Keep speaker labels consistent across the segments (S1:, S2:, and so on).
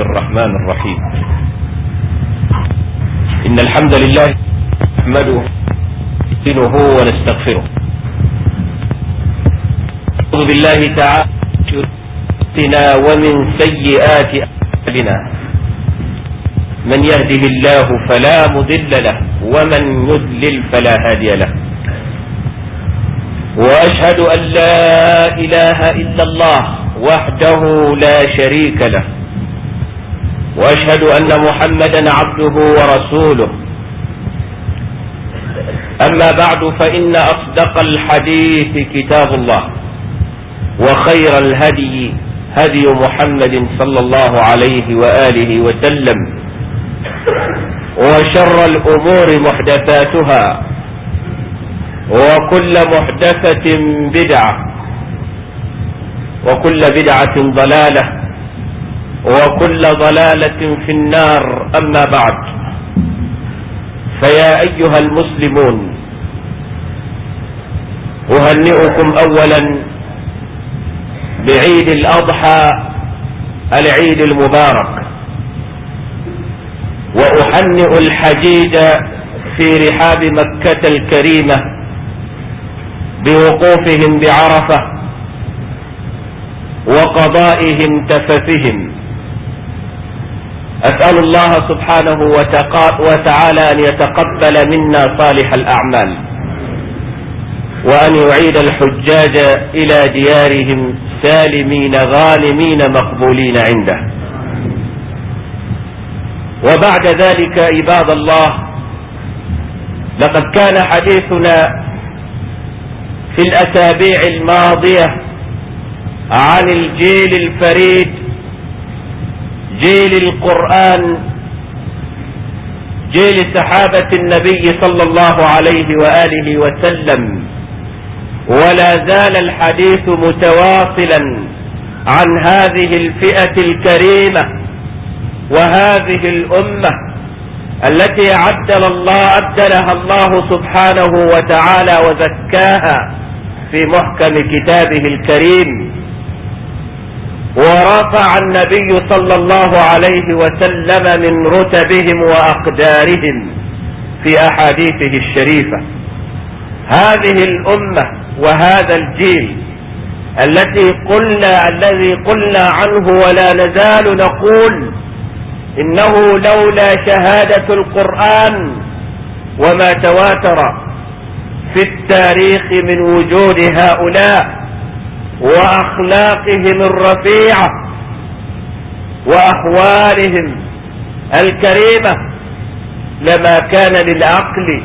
S1: الرحمن الرحيم إن الحمد لله نحمده ونستغفره ونستغفره أعوذ بالله تعالى ومن سيئات أعمالنا من يهده الله فلا مضل له ومن يضلل فلا هادي له وأشهد أن لا إله إلا الله وحده لا شريك له واشهد ان محمدا عبده ورسوله اما بعد فان اصدق الحديث كتاب الله وخير الهدي هدي محمد صلى الله عليه واله وسلم وشر الامور محدثاتها وكل محدثه بدعه وكل بدعه ضلاله وكل ضلالة في النار أما بعد فيا أيها المسلمون أهنئكم أولا بعيد الأضحى العيد المبارك وأهنئ الحجيج في رحاب مكة الكريمة بوقوفهم بعرفة وقضائهم تففهم أسأل الله سبحانه وتعالى أن يتقبل منا صالح الأعمال وأن يعيد الحجاج إلى ديارهم سالمين غانمين مقبولين عنده وبعد ذلك عباد الله لقد كان حديثنا في الأسابيع الماضية عن الجيل الفريد جيل القرآن جيل سحابة النبي صلى الله عليه وآله وسلم ولا زال الحديث متواصلا عن هذه الفئة الكريمة وهذه الأمة التي عدل الله عدلها الله سبحانه وتعالى وزكاها في محكم كتابه الكريم ورفع النبي صلى الله عليه وسلم من رتبهم وأقدارهم في أحاديثه الشريفة هذه الأمة وهذا الجيل التي قلنا الذي قلنا عنه ولا نزال نقول إنه لولا شهادة القرآن وما تواتر في التاريخ من وجود هؤلاء واخلاقهم الرفيعه واحوالهم الكريمه لما كان للعقل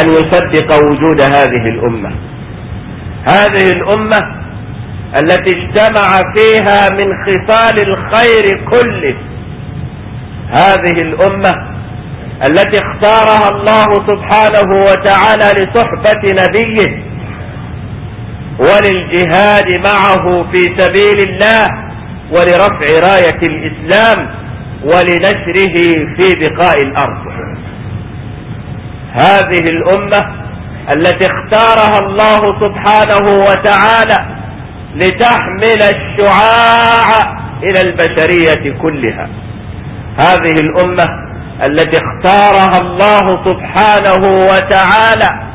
S1: ان يصدق وجود هذه الامه هذه الامه التي اجتمع فيها من خصال الخير كله هذه الامه التي اختارها الله سبحانه وتعالى لصحبه نبيه وللجهاد معه في سبيل الله ولرفع راية الإسلام ولنشره في بقاء الأرض هذه الأمة التي اختارها الله سبحانه وتعالى لتحمل الشعاع إلى البشرية كلها هذه الأمة التي اختارها الله سبحانه وتعالى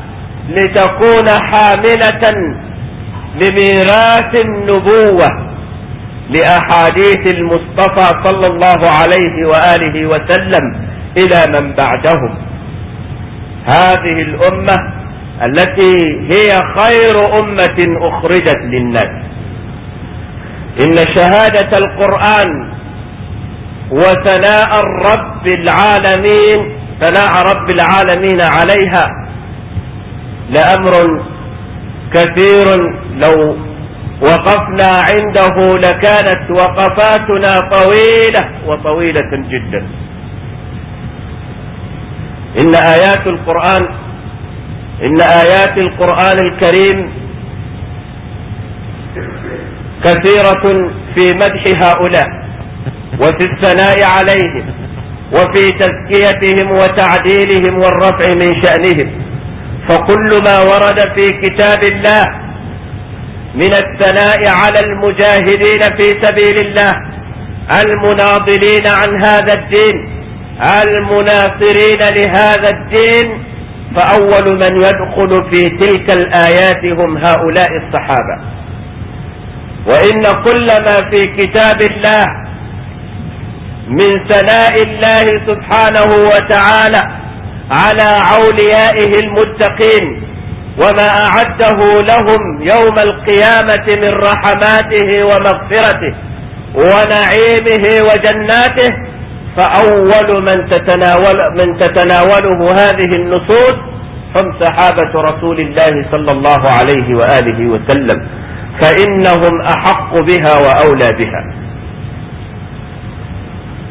S1: لتكون حاملة لميراث النبوة لأحاديث المصطفى صلى الله عليه وآله وسلم إلى من بعدهم هذه الأمة التي هي خير أمة أخرجت للناس إن شهادة القرآن وثناء الرب العالمين ثناء رب العالمين عليها لأمر كثير لو وقفنا عنده لكانت وقفاتنا طويلة وطويلة جدا إن آيات القرآن إن آيات القرآن الكريم كثيرة في مدح هؤلاء وفي الثناء عليهم وفي تزكيتهم وتعديلهم والرفع من شأنهم فكل ما ورد في كتاب الله من الثناء على المجاهدين في سبيل الله المناضلين عن هذا الدين المناصرين لهذا الدين فأول من يدخل في تلك الآيات هم هؤلاء الصحابة وإن كل ما في كتاب الله من ثناء الله سبحانه وتعالى على عوليائه المتقين وما أعده لهم يوم القيامة من رحماته ومغفرته ونعيمه وجناته فأول من تتناول من تتناوله هذه النصوص هم صحابة رسول الله صلى الله عليه وآله وسلم فإنهم أحق بها وأولى بها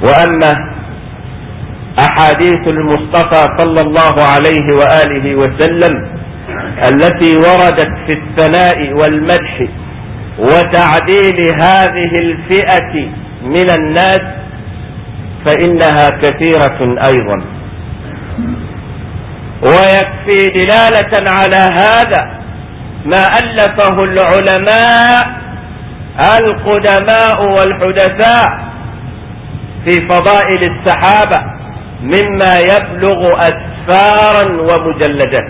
S1: وأما أحاديث المصطفى صلى الله عليه وآله وسلم التي وردت في الثناء والمدح وتعديل هذه الفئة من الناس فإنها كثيرة أيضا ويكفي دلالة على هذا ما ألفه العلماء القدماء والحدثاء في فضائل السحابة مما يبلغ أسفارا ومجلدات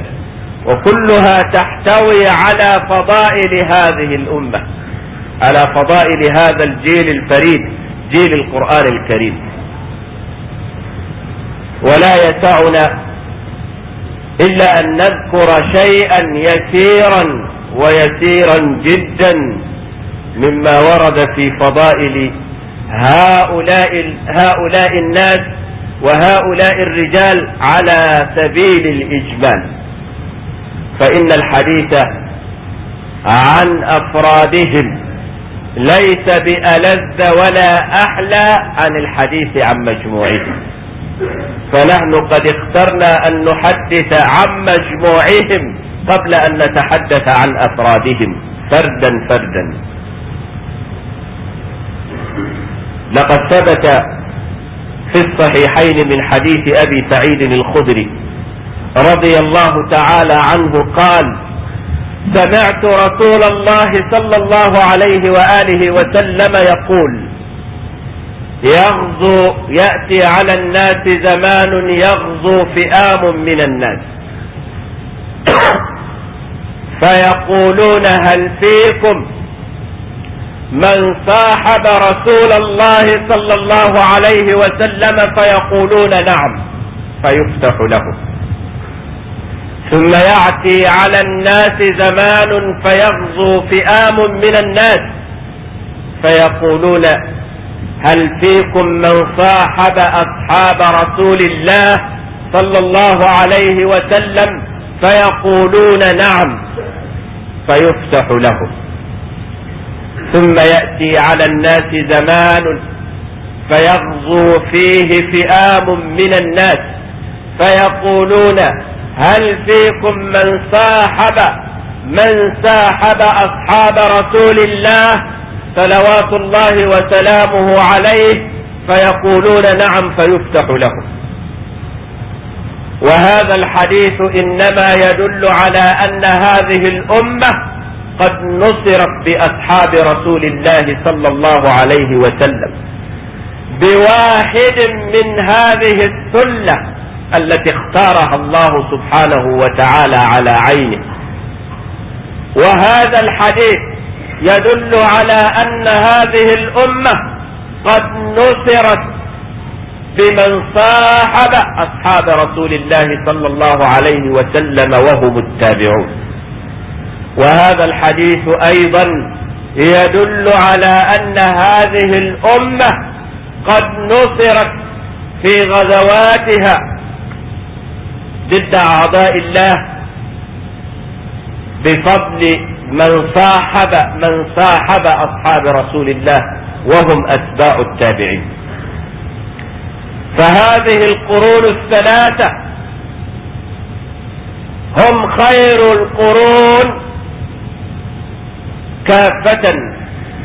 S1: وكلها تحتوي على فضائل هذه الأمة على فضائل هذا الجيل الفريد جيل القرآن الكريم ولا يسعنا إلا أن نذكر شيئا يسيرا ويسيرا جدا مما ورد في فضائل هؤلاء هؤلاء الناس وهؤلاء الرجال على سبيل الإجمال فإن الحديث عن أفرادهم ليس بألذ ولا أحلى عن الحديث عن مجموعهم فنحن قد اخترنا أن نحدث عن مجموعهم قبل أن نتحدث عن أفرادهم فردا فردا لقد ثبت في الصحيحين من حديث أبي سعيد الخدري رضي الله تعالى عنه قال سمعت رسول الله صلى الله عليه وآله وسلم يقول يغزو يأتي على الناس زمان يغزو فئام من الناس فيقولون هل فيكم من صاحب رسول الله صلى الله عليه وسلم فيقولون نعم فيفتح له ثم يعتي على الناس زمان فيغزو فئام من الناس فيقولون هل فيكم من صاحب أصحاب رسول الله صلى الله عليه وسلم فيقولون نعم فيفتح لهم ثم يأتي على الناس زمان فيغزو فيه فئام من الناس فيقولون هل فيكم من صاحب من صاحب أصحاب رسول الله صلوات الله وسلامه عليه فيقولون نعم فيفتح لهم وهذا الحديث إنما يدل على أن هذه الأمة قد نصرت بأصحاب رسول الله صلى الله عليه وسلم بواحد من هذه السلة التي اختارها الله سبحانه وتعالى على عينه وهذا الحديث يدل على أن هذه الأمة قد نصرت بمن صاحب أصحاب رسول الله صلى الله عليه وسلم وهم التابعون وهذا الحديث أيضا يدل على أن هذه الأمة قد نصرت في غزواتها ضد أعضاء الله بفضل من صاحب من صاحب أصحاب رسول الله وهم أتباع التابعين فهذه القرون الثلاثة هم خير القرون كافة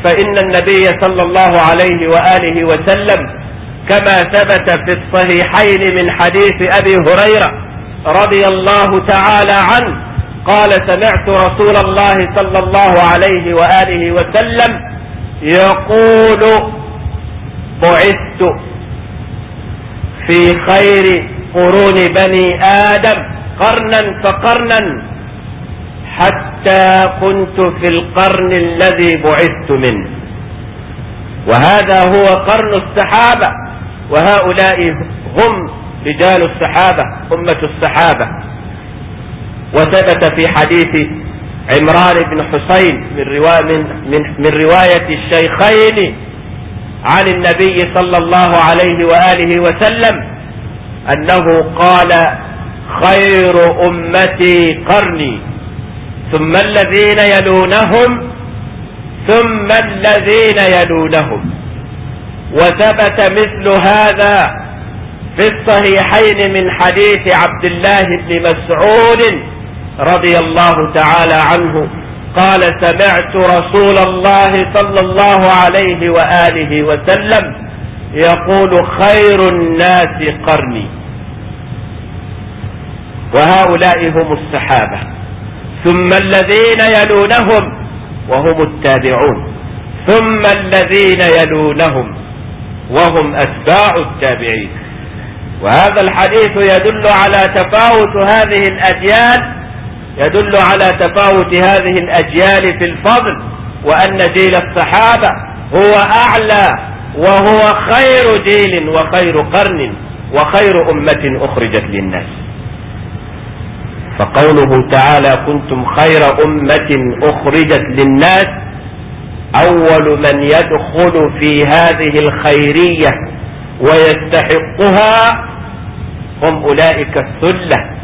S1: فإن النبي صلى الله عليه وآله وسلم كما ثبت في الصحيحين من حديث أبي هريرة رضي الله تعالى عنه قال سمعت رسول الله صلى الله عليه وآله وسلم يقول بعثت في خير قرون بني آدم قرنا فقرنا حتى حتى كنت في القرن الذي بعثت منه وهذا هو قرن السحابة وهؤلاء هم رجال السحابة أمة السحابة وثبت في حديث عمران بن حسين من رواية, من, من, من رواية الشيخين عن النبي صلى الله عليه وآله وسلم أنه قال خير أمتي قرني ثم الذين يلونهم ثم الذين يلونهم وثبت مثل هذا في الصحيحين من حديث عبد الله بن مسعود رضي الله تعالى عنه قال سمعت رسول الله صلى الله عليه وآله وسلم يقول خير الناس قرني وهؤلاء هم الصحابة ثم الذين يلونهم وهم التابعون ثم الذين يلونهم وهم أتباع التابعين وهذا الحديث يدل على تفاوت هذه الأجيال يدل على تفاوت هذه الأجيال في الفضل وأن جيل الصحابة هو أعلى وهو خير جيل وخير قرن وخير أمة أخرجت للناس فقوله تعالى كنتم خير أمة أخرجت للناس أول من يدخل في هذه الخيرية ويستحقها هم أولئك الثلة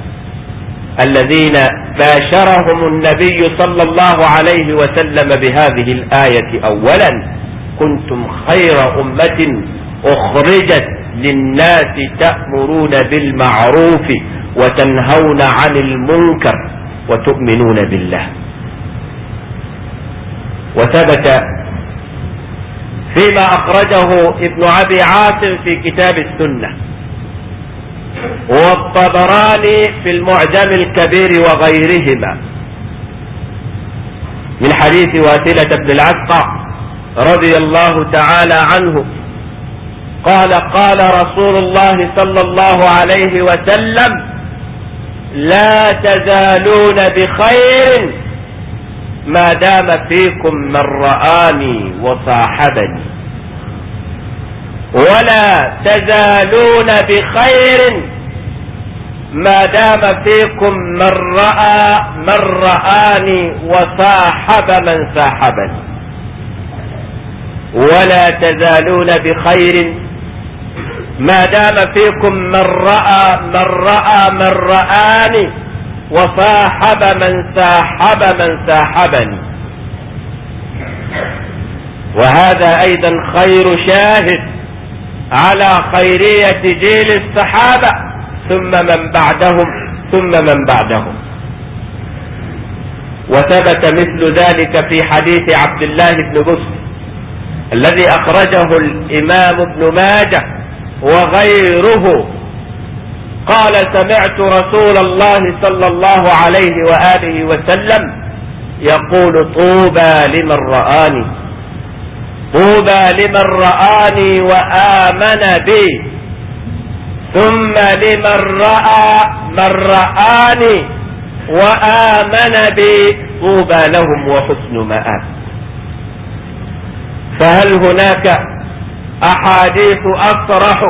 S1: الذين باشرهم النبي صلى الله عليه وسلم بهذه الآية أولا كنتم خير أمة أخرجت للناس تأمرون بالمعروف وتنهون عن المنكر وتؤمنون بالله وثبت فيما أخرجه ابن أبي عاصم في كتاب السنة والطبراني في المعجم الكبير وغيرهما من حديث واسلة بن العسقى رضي الله تعالى عنه قال قال رسول الله صلى الله عليه وسلم لا تزالون بخير ما دام فيكم من رآني وصاحبني ولا تزالون بخير ما دام فيكم من رأى من رآني وصاحب من صاحبني ولا تزالون بخير ما دام فيكم من رأى من رأى من رآني وصاحب من ساحب من ساحبني وهذا أيضا خير شاهد على خيرية جيل الصحابة ثم من بعدهم ثم من بعدهم وثبت مثل ذلك في حديث عبد الله بن بصر الذي أخرجه الإمام ابن ماجه وغيره قال سمعت رسول الله صلى الله عليه وآله وسلم يقول طوبى لمن رآني طوبى لمن رآني وآمن بي ثم لمن رأى من رآني وآمن بي طوبى لهم وحسن مآب فهل هناك أحاديث أصرح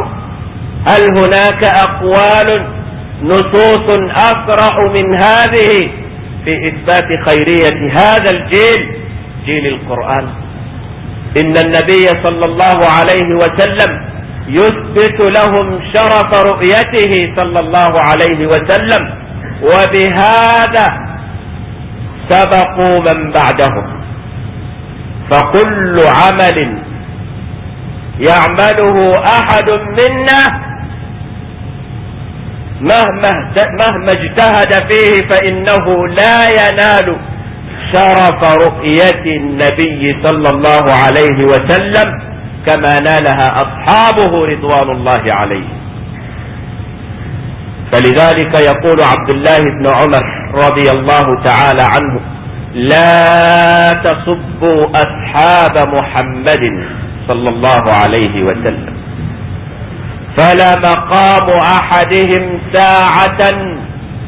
S1: هل هناك أقوال نصوص أصرح من هذه في إثبات خيرية هذا الجيل جيل القرآن إن النبي صلى الله عليه وسلم يثبت لهم شرف رؤيته صلى الله عليه وسلم وبهذا سبقوا من بعدهم فكل عمل يعمله أحد منا مهما مهما اجتهد فيه فإنه لا ينال شرف رؤية النبي صلى الله عليه وسلم كما نالها أصحابه رضوان الله عليه فلذلك يقول عبد الله بن عمر رضي الله تعالى عنه لا تصبوا أصحاب محمد صلى الله عليه وسلم فلا مقام احدهم ساعه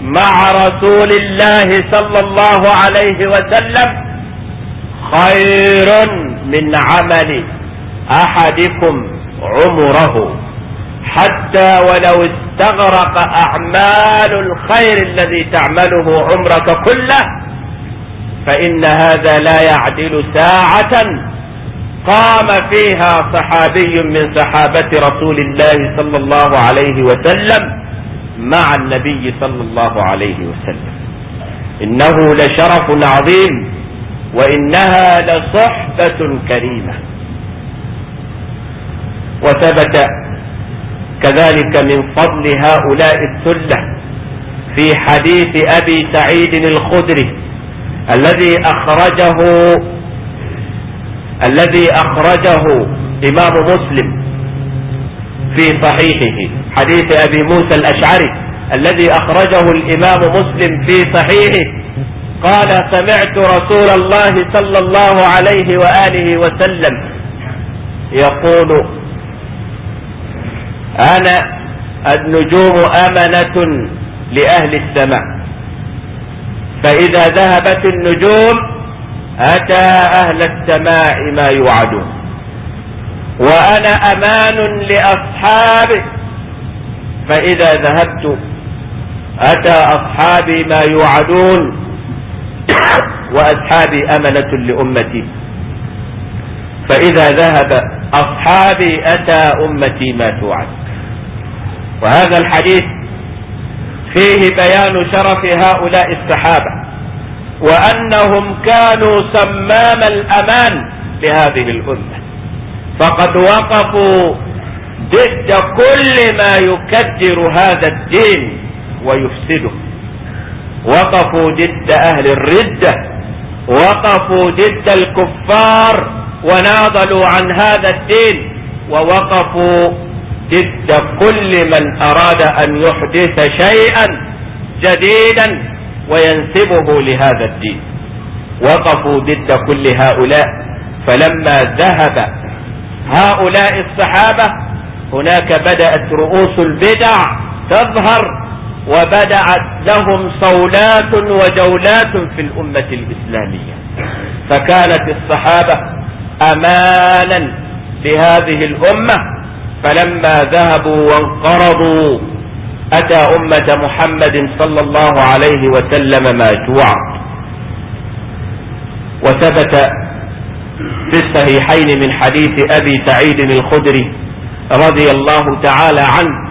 S1: مع رسول الله صلى الله عليه وسلم خير من عمل احدكم عمره حتى ولو استغرق اعمال الخير الذي تعمله عمرك كله فان هذا لا يعدل ساعه قام فيها صحابي من صحابة رسول الله صلى الله عليه وسلم مع النبي صلى الله عليه وسلم إنه لشرف عظيم وإنها لصحبة كريمة وثبت كذلك من فضل هؤلاء الثلة في حديث أبي سعيد الخدري الذي أخرجه الذي أخرجه إمام مسلم في صحيحه حديث أبي موسى الأشعري الذي أخرجه الإمام مسلم في صحيحه قال سمعت رسول الله صلى الله عليه وآله وسلم يقول أنا النجوم أمنة لأهل السماء فإذا ذهبت النجوم أتى أهل السماء ما يوعدون وأنا أمان لأصحابي فإذا ذهبت أتى أصحابي ما يوعدون وأصحابي أمنة لأمتي فإذا ذهب أصحابي أتى أمتي ما توعد وهذا الحديث فيه بيان شرف هؤلاء الصحابه وأنهم كانوا سمام الأمان لهذه الأمة فقد وقفوا ضد كل ما يكدر هذا الدين ويفسده وقفوا ضد أهل الردة وقفوا ضد الكفار وناضلوا عن هذا الدين ووقفوا ضد كل من أراد أن يحدث شيئا جديدا وينسبه لهذا الدين وقفوا ضد كل هؤلاء فلما ذهب هؤلاء الصحابة هناك بدأت رؤوس البدع تظهر وبدعت لهم صولات وجولات في الأمة الإسلامية فكانت الصحابة أمانا لهذه الأمة فلما ذهبوا وانقرضوا أتى أمة محمد صلى الله عليه وسلم ما جوع وثبت في الصحيحين من حديث أبي سعيد الخدري رضي الله تعالى عنه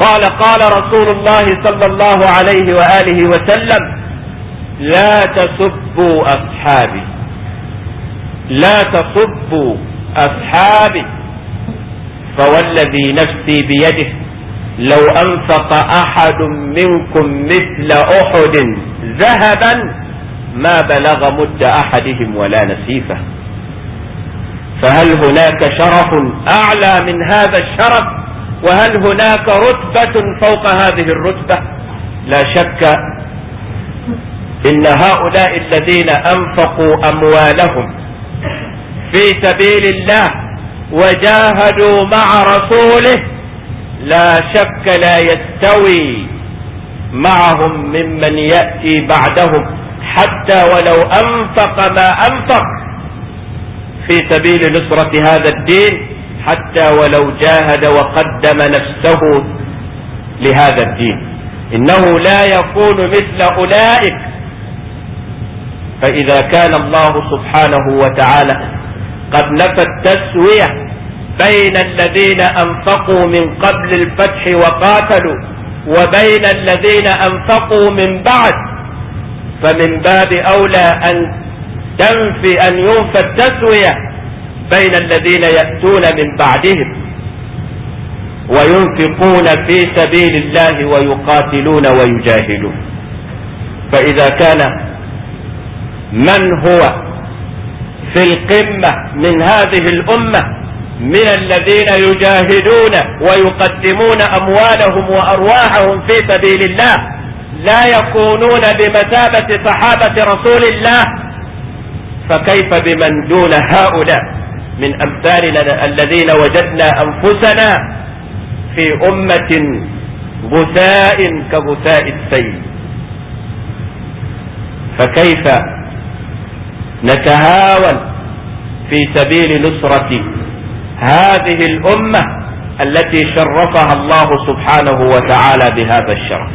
S1: قال قال رسول الله صلى الله عليه وآله وسلم لا تسبوا أصحابي لا تسبوا أصحابي فوالذي نفسي بيده لو أنفق أحد منكم مثل أحد ذهبا ما بلغ مد أحدهم ولا نسيفه فهل هناك شرف أعلى من هذا الشرف وهل هناك رتبة فوق هذه الرتبة لا شك إن هؤلاء الذين أنفقوا أموالهم في سبيل الله وجاهدوا مع رسوله لا شك لا يستوي معهم ممن يأتي بعدهم حتى ولو أنفق ما أنفق في سبيل نصرة هذا الدين حتى ولو جاهد وقدم نفسه لهذا الدين إنه لا يكون مثل أولئك فإذا كان الله سبحانه وتعالى قد نفى التسوية بين الذين أنفقوا من قبل الفتح وقاتلوا وبين الذين أنفقوا من بعد فمن باب أولى أن تنفي أن ينفى التسوية بين الذين يأتون من بعدهم وينفقون في سبيل الله ويقاتلون ويجاهدون فإذا كان من هو في القمة من هذه الأمة من الذين يجاهدون ويقدمون أموالهم وأرواحهم في سبيل الله لا يكونون بمثابة صحابة رسول الله فكيف بمن دون هؤلاء من أمثالنا الذين وجدنا أنفسنا في أمة غثاء كغثاء السيل فكيف نتهاون في سبيل نصرة هذه الأمة التي شرفها الله سبحانه وتعالى بهذا الشرف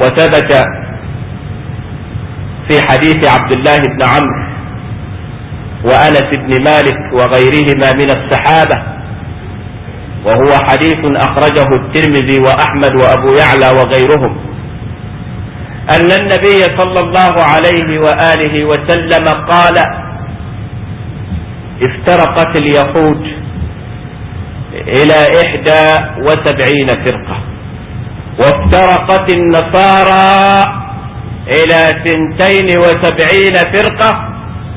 S1: وثبت في حديث عبد الله بن عمرو وأنس بن مالك وغيرهما من الصحابة وهو حديث أخرجه الترمذي وأحمد وأبو يعلى وغيرهم أن النبي صلى الله عليه وآله وسلم قال افترقت اليهود الى احدى وسبعين فرقة وافترقت النصارى الى ثنتين وسبعين فرقة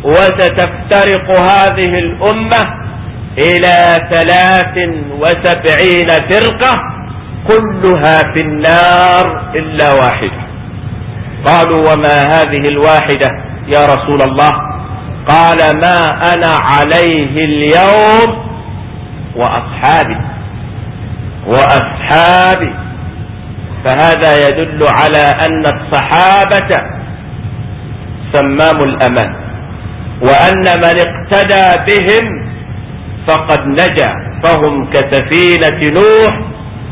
S1: وستفترق هذه الامة الى ثلاث وسبعين فرقة كلها في النار الا واحدة قالوا وما هذه الواحدة يا رسول الله قال ما أنا عليه اليوم وأصحابي وأصحابي فهذا يدل على أن الصحابة سمام الأمان وأن من اقتدى بهم فقد نجا فهم كسفينة نوح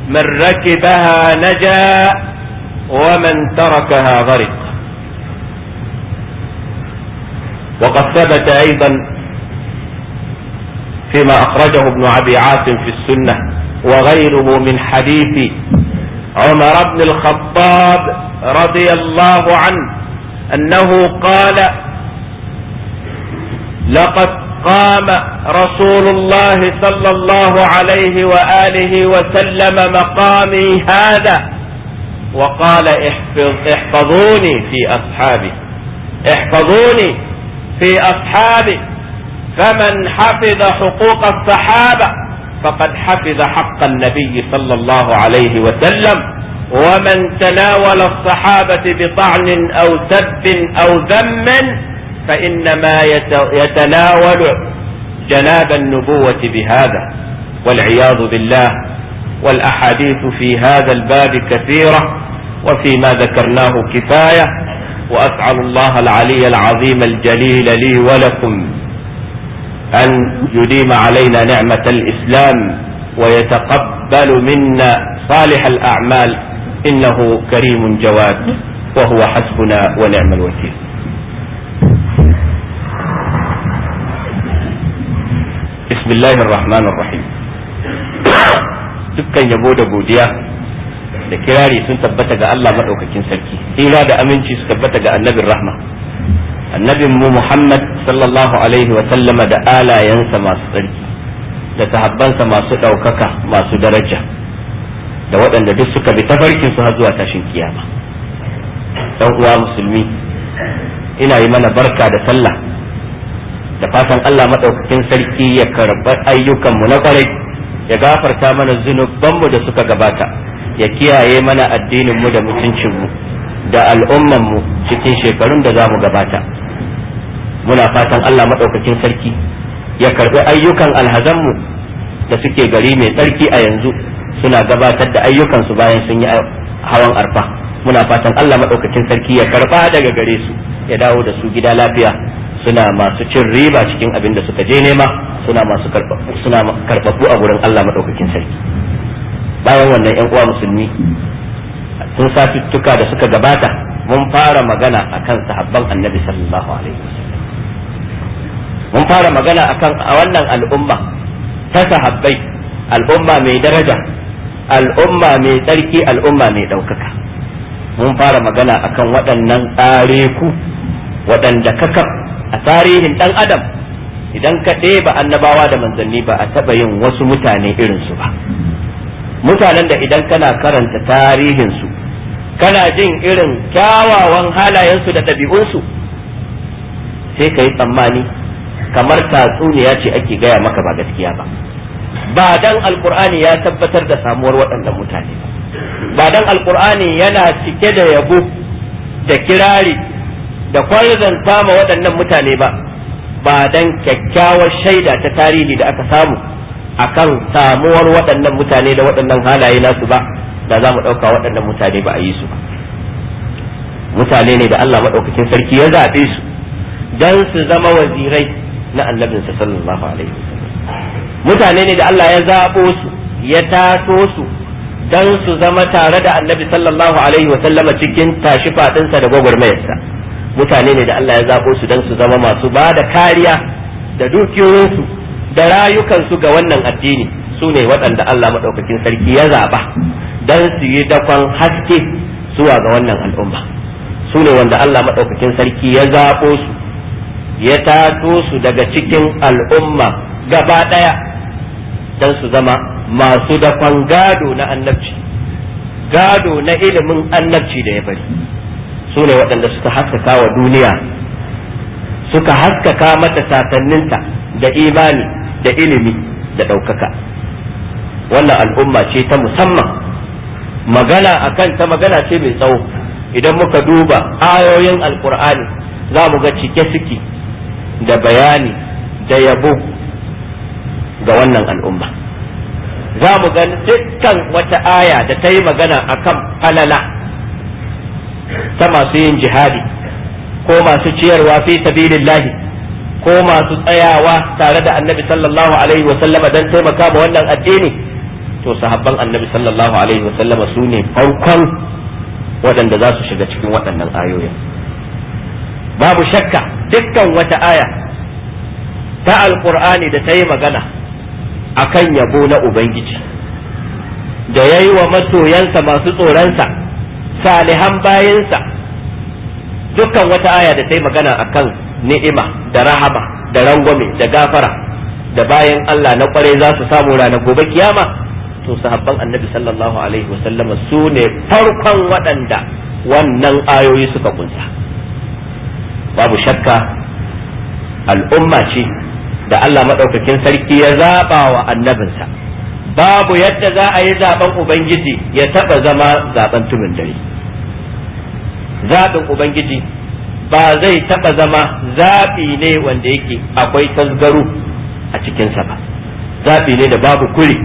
S1: من ركبها نجا ومن تركها غرق وقد ثبت أيضا فيما أخرجه ابن أبي عاصم في السنة وغيره من حديث عمر بن الخطاب رضي الله عنه أنه قال لقد قام رسول الله صلى الله عليه وآله وسلم مقامي هذا وقال احفظ احفظوني في أصحابي احفظوني في أصحابه فمن حفظ حقوق الصحابة فقد حفظ حق النبي صلى الله عليه وسلم ومن تناول الصحابة بطعن أو سب أو ذم فإنما يتناول جناب النبوة بهذا والعياذ بالله والأحاديث في هذا الباب كثيرة وفيما ذكرناه كفاية وأسأل الله العلي العظيم الجليل لي ولكم أن يديم علينا نعمة الإسلام ويتقبل منا صالح الأعمال إنه كريم جواد وهو حسبنا ونعم الوكيل بسم الله الرحمن الرحيم دكا يبود da da kirari sun tabbata ga Allah madaukakin sarki tsira da aminci su tabbata ga annabin rahma annabin mu Muhammad sallallahu alaihi wa sallama da alayansa masu tsarki da sahabbansa masu ɗaukaka masu daraja da waɗanda duk suka bi tafarkin su har zuwa tashin kiyama dan uwa musulmi ina yi mana barka da sallah da fatan Allah maɗaukakin sarki ya karɓar ayyukanmu na kwarai ya gafarta mana zunubanmu da suka gabata ya kiyaye mana addinin mu da mutuncinmu da al'umman mu cikin shekarun da zamu gabata muna fatan Allah madaukakin sarki ya karbi ayyukan alhazan mu da suke gari mai tsarki a yanzu suna gabatar da ayyukansu bayan sun yi hawan arfa muna fatan Allah madaukakin sarki ya karba daga gare su ya dawo da su gida lafiya suna masu cin riba cikin abin da suka je nema suna masu karbabu a wurin Allah madaukakin sarki bayan wannan yan uwa musulmi tun satuttuka da suka gabata mun fara magana akan sahabban annabi sallallahu alaihi wasallam mun fara magana akan a wannan al'umma ta sahabbai al'umma mai daraja al'umma mai tsarki al'umma mai ɗaukaka mun fara magana akan waɗannan tsareku waɗanda kaka a tarihin ɗan adam idan ka ɗeba annabawa da manzanni ba a taɓa yin wasu mutane irinsu ba mutanen da idan kana karanta tarihinsu kana jin irin kyawawan halayensu da ɗabi'unsu sai ka tsammani kamar tatsuniya ce ake gaya maka ba gaskiya ba ba dan alkur'ani ya tabbatar da samuwar waɗannan mutane ba dan alkur'ani yana cike da yabo da kirari da kwarzan ma waɗannan mutane ba ba dan kyakkyawar shaida ta tarihi da aka samu akan samuwar waɗannan mutane da waɗannan halaye nasu ba da za mu ɗauka waɗannan mutane ba a yi su ba mutane ne da Allah maɗaukakin sarki ya zaɓe su don su zama wazirai na annabinsa sallallahu alaihi wasallam mutane ne da Allah ya zaɓo su ya taso su don su zama tare da annabi sallallahu alaihi wasallama cikin tashi faɗinsa da gwagwarmayarsa mutane ne da Allah ya zaɓo su don su zama masu ba da kariya da dukiyoyinsu da rayukansu ga wannan addini su ne waɗanda Allah maɗaukakin sarki ya zaɓa don su yi dakon haske zuwa ga wannan al'umma su ne wanda Allah maɗaukakin sarki ya zaɓo su ya tato su daga cikin al'umma gaba ɗaya don su zama masu dakon gado na annabci gado na ilimin annabci da ya bari su ne waɗanda suka haskaka wa duniya suka haskaka mata sasanninta da imani da ilimi da ɗaukaka wannan al'umma ce ta musamman magana akan ta magana ce mai tsawo idan muka duba ayoyin alkur'ani za mu ga cike suke da bayani da yabo ga wannan al'umma za mu ga dukkan wata aya da ta yi magana akan falala ta masu yin jihadi ko masu ciyarwa fi sabilillahi ko masu tsayawa tare da annabi sallallahu alaihi wa sallama dan taimaka ma wannan addini to sahabban annabi sallallahu alaihi wa sallama su ne farkon waɗanda za su shiga cikin waɗannan ayoyin babu shakka dukkan wata aya ta alqur'ani da ta yi magana akan yabo na ubangiji da yayi wa masoyansa masu tsoronsa salihan bayinsa dukkan wata aya da ta yi magana akan ni'ima da rahama da rangwame da gafara da bayan Allah na kware za su samu ranar gobe kiyama to sahabban annabi sallallahu alaihi wasallama su ne farkon waɗanda wannan ayoyi suka kunsa babu shakka al'umma ce da Allah maɗaukakin sarki ya zaɓa wa annabinsa babu yadda za a yi zaɓen ubangiji ya taɓa zama zaɓen tumin dare zaɓin ubangiji ba zai taɓa zama zaɓi ne wanda yake akwai tasgaro a cikinsa ba zaɓi ne da babu kuri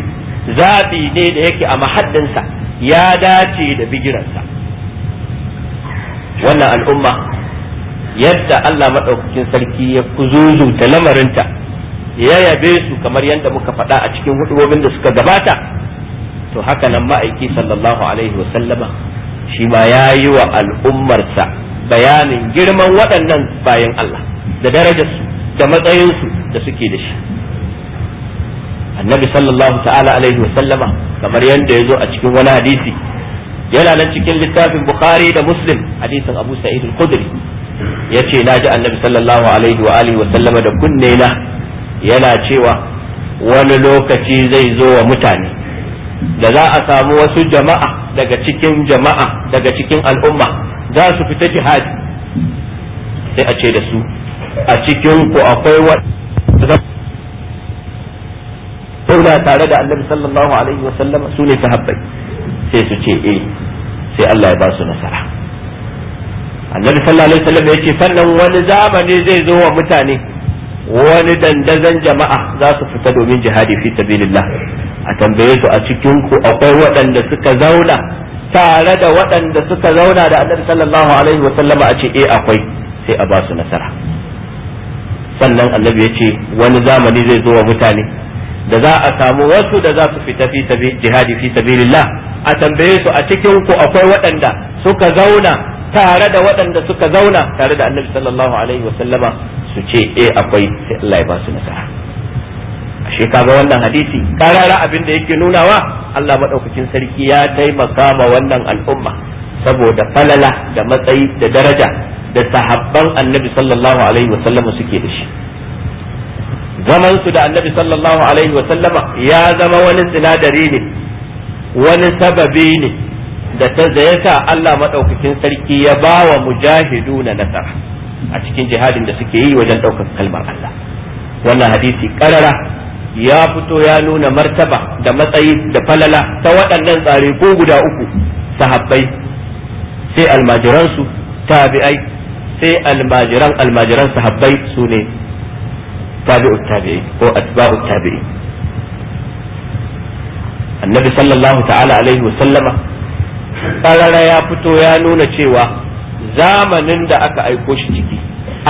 S1: zaɓi ne da yake a mahaddinsa ya dace da bigiransa wannan al'umma yadda Allah maɗaukakin sarki ya kuzuzuta lamarinta ya yabe su kamar yadda muka faɗa a cikin hudubobin da suka gabata to haka nan ma'aiki sallallahu alaihi sallama shi ma ya yi wa al'ummarsa bayanin girman waɗannan bayan Allah da darajarsu da matsayinsu da suke da shi annabi sallallahu ta'ala alaihi wa sallama kamar yadda ya zo a cikin wani hadisi yana nan cikin littafin bukhari da muslim hadisin abu sa'id al-khudri yace na ji annabi sallallahu alaihi wa alihi wa sallama da kunne na yana cewa wani lokaci zai zo wa mutane da za a samu wasu jama'a daga cikin jama'a daga cikin al'umma za su fita jihadi sai a ce da su a cikin ku akwai wa zauna tare da annabi sallallahu alaihi wa sallama su ne sahabbai sai su ce eh sai Allah ya ba su nasara annabi sallallahu alaihi wa sallam ya ce sannan wani zamani zai zo wa mutane wani dandazon jama'a za su fita domin jihadi fi sabilillah a tambaye su a cikin ku akwai waɗanda suka zauna tare da waɗanda suka zauna da annabi sallallahu alaihi wa sallama a ce eh akwai sai a ba su nasara sannan annabi ya ce wani zamani zai zo wa mutane da za a samu wasu da za su fita fi jihadi fi sabilillah a tambaye su a cikin ku akwai waɗanda suka zauna tare da waɗanda suka zauna tare da annabi sallallahu alaihi wa sallama su ce eh akwai sai Allah ya ba su nasara ashe kaga wannan hadisi karara abin da yake nunawa Allah madaukakin sarki ya taimaka ma wannan al'umma saboda falala da matsayi da daraja da sahabban annabi sallallahu alaihi wa sallama suke da shi zaman su da annabi sallallahu alaihi wa sallama ya zama wani sinadari ne wani sababi ne da ta zayata Allah madaukakin sarki ya bawa na nasara a cikin jihadin da suke yi wajen ɗaukar kalmar Allah wannan hadisi karara ya fito ya nuna martaba da matsayi da falala ta waɗannan tsare ko guda uku sahabbai sai almajiransu tabi'ai sai almajiran almajiran sahabbai su ne tabi'ut tabi'i ko atba'ut tabi'i annabi sallallahu ta'ala alaihi wa sallama ya fito ya nuna cewa zamanin da aka aiko shi ciki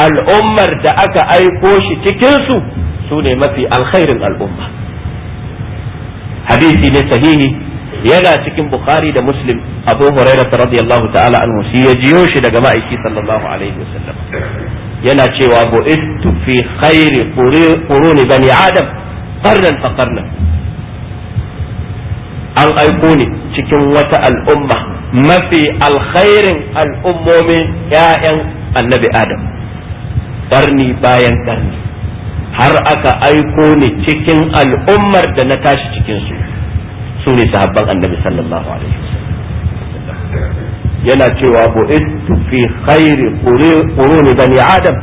S1: al'ummar da aka aiko shi cikinsu su ne mafi alkhairin al'umma hadisi ne sahihi yana cikin bukhari da muslim abu hurairah radiyallahu ta'ala anhu shi ya jiyo shi daga ma'aiki sallallahu alaihi wasallam yana cewa istu fi khairi quruni bani adam qarnan fa qarnan an aiko ne cikin wata al'umma mafi alkhairin al'ummomin 'ya'yan annabi adam ƙarni bayan ƙarni har aka aiko ni cikin al'ummar da na tashi cikinsu su ne sahabban annabi sallallahu alaihi yana cewa bu'ittu fi khairi quruni bani adam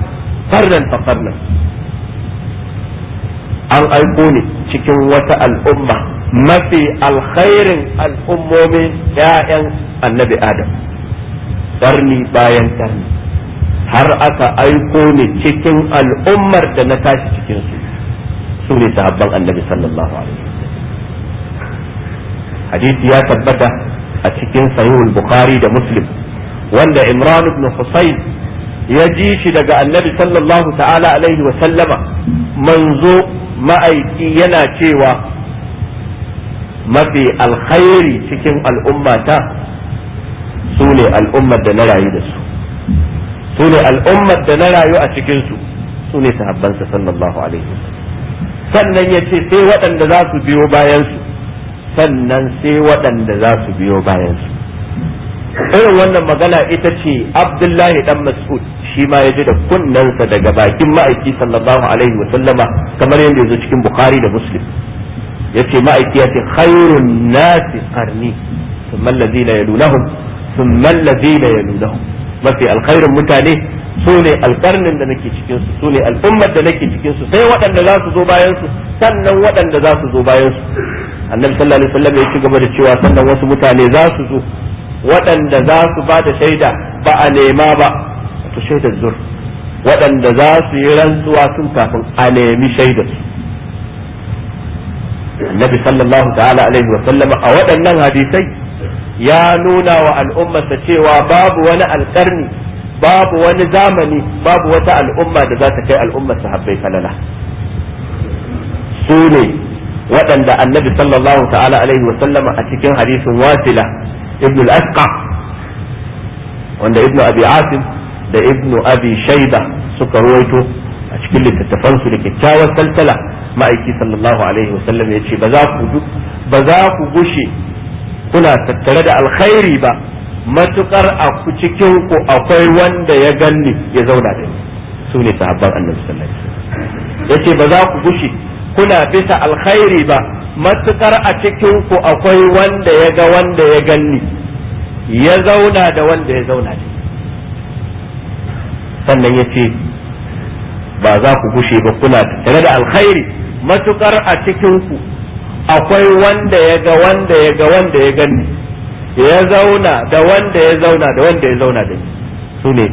S1: farnan fa farnan an aiko ni cikin wata al'umma mafi alkhairin al'ummomin ‘ya'yan annabi Adam, ƙarni bayan ƙarni, har aka aiko ni cikin al'ummar da na tashi cikin su ne sahabban annabi sallallahu alaihi hadisi ya tabbata a cikin sahihul Bukhari da Muslim, wanda Imran ibn Husayn ya ji shi daga annabi sallallahu ta'ala alaihi wa sallama manzo ma'aiki yana cewa mafi alkhairi cikin al'ummata su ne al'ummar da na rayu da su su ne al'ummar da na rayu a cikinsu su ne sahabbansa sallallahu alaihi sannan ya ce sai waɗanda za su biyo bayansu sannan sai waɗanda za su biyo bayansu irin wannan magana ita ce abdullahi dan mas'ud shi ma ya ji da kunnansa daga bakin ma'aiki sallallahu alaihi wa sallama kamar yadda ya zo cikin bukhari da muslim yace ma'aiki yace khairun nasi qarni thumma alladhina yalunahum thumma alladhina yalunahum mafi alkhairun mutane su ne alkarnin da nake cikin su su ne al'ummar da nake cikin su sai waɗanda za su zo bayan su sannan waɗanda za su zo bayan su annabi sallallahu alaihi wasallam ya ci gaba da cewa sannan wasu mutane za su zo waɗanda za su ba da shaida ba a nema ba to shaidar zur waɗanda za su yi rantsuwa sun kafin a nemi shaidar su annabi sallallahu alaihi wa sallama a waɗannan hadisai ya nuna wa al'ummarsa cewa babu wani alƙarni babu wani zamani babu wata al'umma da za ta kai al'ummar sahabbai falala su ne waɗanda annabi sallallahu alaihi wa sallama a cikin hadisin wasila ibn al-asqa wanda ibn abi asim da ibn abi shaiba suka ruwaito a cikin littattafansu da kyakkyawar salsala ma'aiki sallallahu alaihi wasallam ya ce ba za ku ba za ku gushe kuna tattare da alkhairi ba matukar a cikin ku akwai wanda ya ganni ya zauna da ni su ne sahabban annabi sallallahu alaihi wasallam ce ba za ku gushe kuna bisa alkhairi ba matukar a cikin ku akwai wanda ya ga wanda ya ganni ya zauna da wanda ya zauna da sannan ce ba za ku gushe ba kuna tattare da alkhairi matukar a cikin ku akwai wanda ya ga wanda ya ga wanda ya ganni ya zauna da wanda ya zauna da wanda ya zauna da ni su ne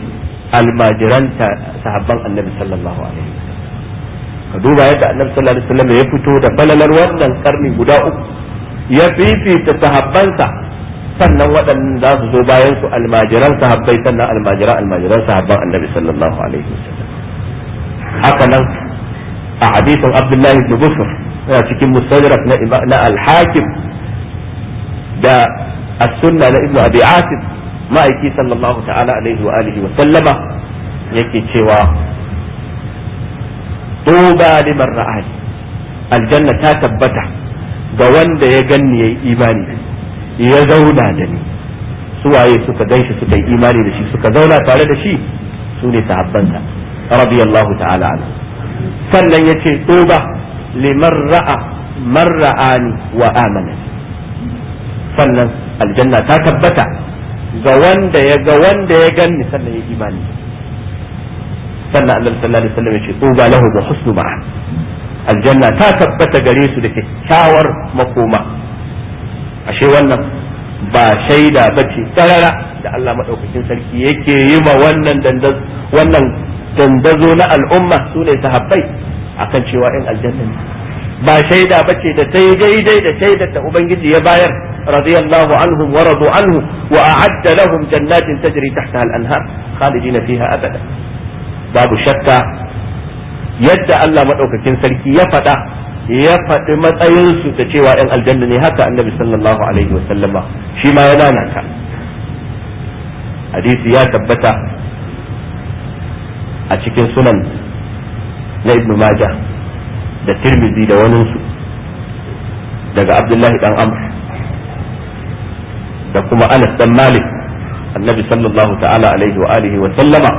S1: almajiran sahabban annabi sallallahu alaihi ka duba yadda annabi sallallahu alaihi wasallam ya fito da balalar wannan karni guda uku ya fifita sahabbansa sannan waɗannan za su zo bayan su almajiran sahabbai sannan almajiran almajiran sahabban annabi sallallahu alaihi wasallam haka nan a hadisin abdullahi ibn bufr yana cikin mustadrak na al-hakim da as-sunna na ibnu abi asim ma'aiki sallallahu ta'ala alaihi wa alihi wa sallama yake cewa tuba liman ra'ani aljanna ta tabbata ga wanda ya ganni yayi imani ya zauna da ni suwaye suka ganshi suka yi imani da shi suka zauna tare da shi su ne sahabbansa radiyallahu ta'ala anhu sannan ya ce tsoba liman ra'a man ra'ani wa amana sannan aljanna ta tabbata ga wanda ya ga wanda ya ganni sannan ya imani sannan Allah sallallahu alaihi wasallam ya ce tsoba lahu bi husnu ma'a aljanna ta tabbata gare su da kyakkyawar makoma ashe wannan ba shaida bace tsarara da Allah madaukakin sarki yake yi ma wannan dandan wannan dandazo na al'umma su ne sahabbai kan cewa in aljanna ne ba shaida bace da ta yi daidai da shaidar da ubangiji ya bayar radiyallahu anhum wa radu anhu wa a'adda lahum jannatin tajri tahtaha al-anhar khalidina fiha abada babu shakka yadda Allah madaukakin sarki ya faɗa ya faɗi matsayinsu da cewa ‘yan aljanna ne haka annabi sallallahu alaihi wasallama shi ma ya ka hadisi ya tabbata a cikin sunan na ibn majah da tirmidhi da waninsu daga abdullahi dan amr da kuma anas dan malik annabi sallallahu ta'ala alaihi wa alihi wa sallama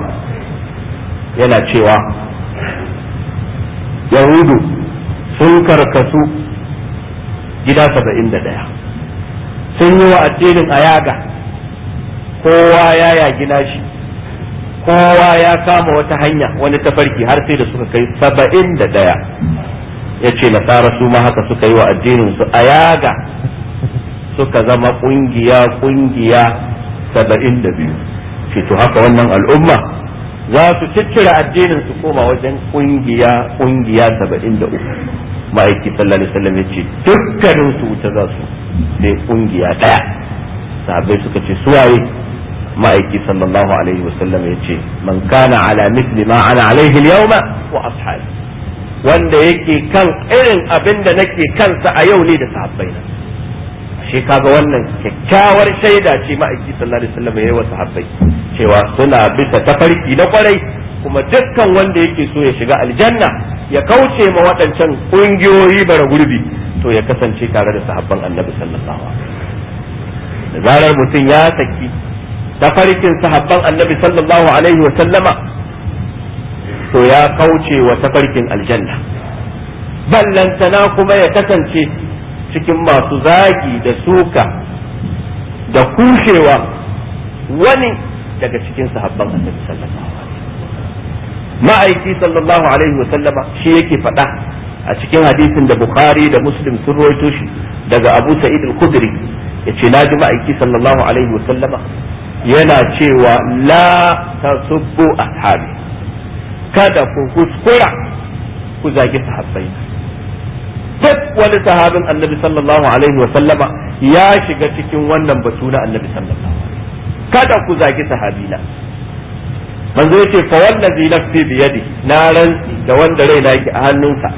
S1: yana cewa yahudu sun karkasu gida saba'in da ɗaya sun yi wa addinin a yaga kowa ya gina shi. kowa ya kama wata hanya wani tafarki har sai da suka kai saba'in da ɗaya ya ce nasara su ma haka suka yi wa addinin su a yaga suka zama ƙungiya ƙungiya saba'in da biyu ce to haka wannan al'umma za su ciccire addinin su koma wajen ƙungiya ƙungiya saba'in da uku ma'aiki sallallahu alaihi ya ce dukkanin su wuta za su sai ƙungiya ɗaya sahabbai suka ce suwaye ma'aiki sallallahu alaihi wasallam ya ce man kana ala mithli ma ana alaihi yawma wa ashabi wanda yake kan irin abin da nake kansa a yau ne da sahabbai na shi kaga wannan kyakkyawar shaida ce ma'aiki sallallahu alaihi wasallam yayi wa sahabbai cewa suna bisa tafarki na kwarai kuma dukkan wanda yake so ya shiga aljanna ya kauce ma waɗancan ƙungiyoyi bara gurbi to ya kasance tare da sahabban annabi sallallahu alaihi wasallam da zarar mutum ya saki da farkin sahabban annabi sallallahu alaihi wa sallama to ya kauce wa tafarkin aljanna ballantana kuma ya kasance cikin masu zagi da suka da kushewa wani daga cikin sahabban annabi sallallahu alaihi ma'aiki sallallahu alaihi wa sallama shi yake faɗa a cikin hadisin da bukhari da muslim sun rawaito shi daga abu sa'id al-khudri yace naji ma'aiki sallallahu alaihi wa sallama yana cewa la tasubbu ashabi kada ku kuskura ku zagi sahabbai duk wani sahabin annabi sallallahu alaihi wa ya shiga cikin wannan batu na annabi sallallahu alaihi kada ku zagi sahabila manzo yace fa wallazi nafsi bi yadi na rantsi da wanda rai na yake a hannunsa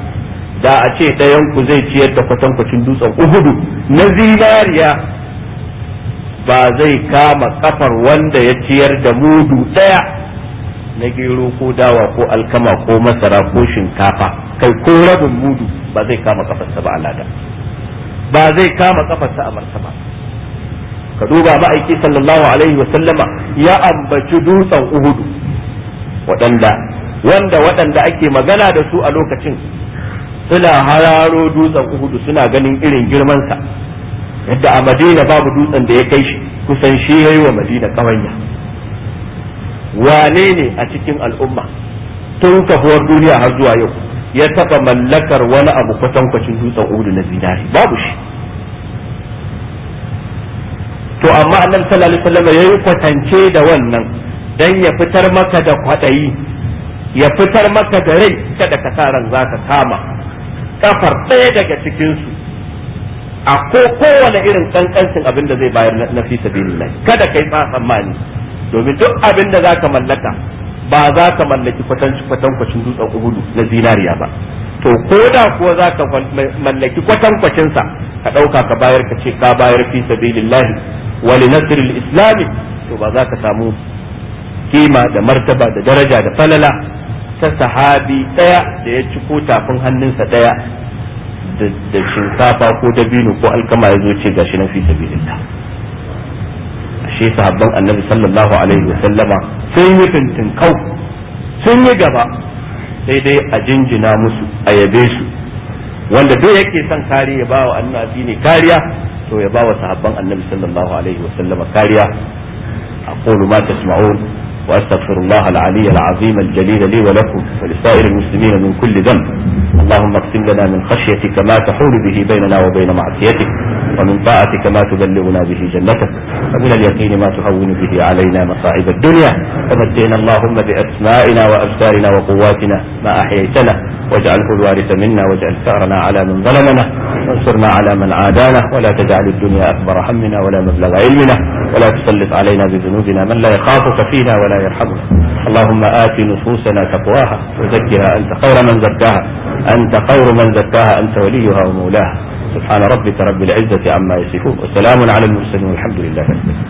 S1: da a ce dayan ku zai ciyar da kwatankwacin dutsen uhudu na zinariya ba zai kama kafar wanda ya ciyar da mudu ɗaya na gero ko dawa ko alkama ko masara ko shinkafa kai ko rabin mudu ba zai kama kafarsa ba alada ba zai kama kafarsa a martaba ka duba ma'aiki sallallahu alaihi wa sallama ya ambaci dutsen uhudu waɗanda wanda waɗanda ake magana da su a lokacin suna hararo dutsen uhudu suna ganin irin girmansa yadda a madina babu dutsen da ya kai shi kusan shi ya yi wa madina kawanya wane ne a cikin al'umma tun kafuwar duniya har zuwa yau ya taba mallakar wani abu kwatankwacin dutsen udu na zinari babu shi to amma annabi sallallahu alaihi wasallam yayi kwatance da wannan dan ya fitar maka da kwadayi ya fitar maka da rai kada ka sa ran zaka kama kafar ɗaya daga cikin su a ko kowane irin kankancin abin da zai bayar na fi sabilillah kada kai ba tsammani domin duk abin da zaka mallaka ba za ka mallaki kwatanci kwatankwacin dutsen uhudu na zinariya ba to ko da kuwa za ka mallaki kwatankwacinsa ka ɗauka ka bayar ka ce ka bayar fi sabilillah wa li nasril islam to ba za ka samu kima da martaba da daraja da falala ta sahabi ɗaya da ya ci ko tafin hannunsa ɗaya. da shinkafa ko dabino ko alkama ya zo ce ga shi na fi sabilillah shi sahabban annabi sallallahu alaihi wa sallama sun yi kau sun yi gaba sai dai a jinjina musu a yabe su wanda duk yake son kariya ya ba wa annabi ne kariya to ya ba wa sahabban annabi sallallahu alaihi wa sallama kariya a ma tasma'un وأستغفر الله العلي العظيم الجليل لي ولكم ولسائر المسلمين من كل ذنب اللهم اقسم لنا من خشيتك ما تحول به بيننا وبين معصيتك ومن طاعتك ما تبلغنا به جنتك ومن اليقين ما تهون به علينا مصاعب الدنيا ومدينا اللهم بأسمائنا وأبصارنا وقواتنا ما أحييتنا واجعله الوارث منا واجعل ثارنا على من ظلمنا وانصرنا على من عادانا ولا تجعل الدنيا أكبر همنا ولا مبلغ علمنا ولا تسلط علينا بذنوبنا من لا يخافك فينا ولا يرحمنا اللهم آت نفوسنا تقواها وزكها أنت خير من زكاها أنت خير من زكاها أنت وليها ومولاها سبحان ربك رب العزة عما يصفون وسلام على المرسلين والحمد لله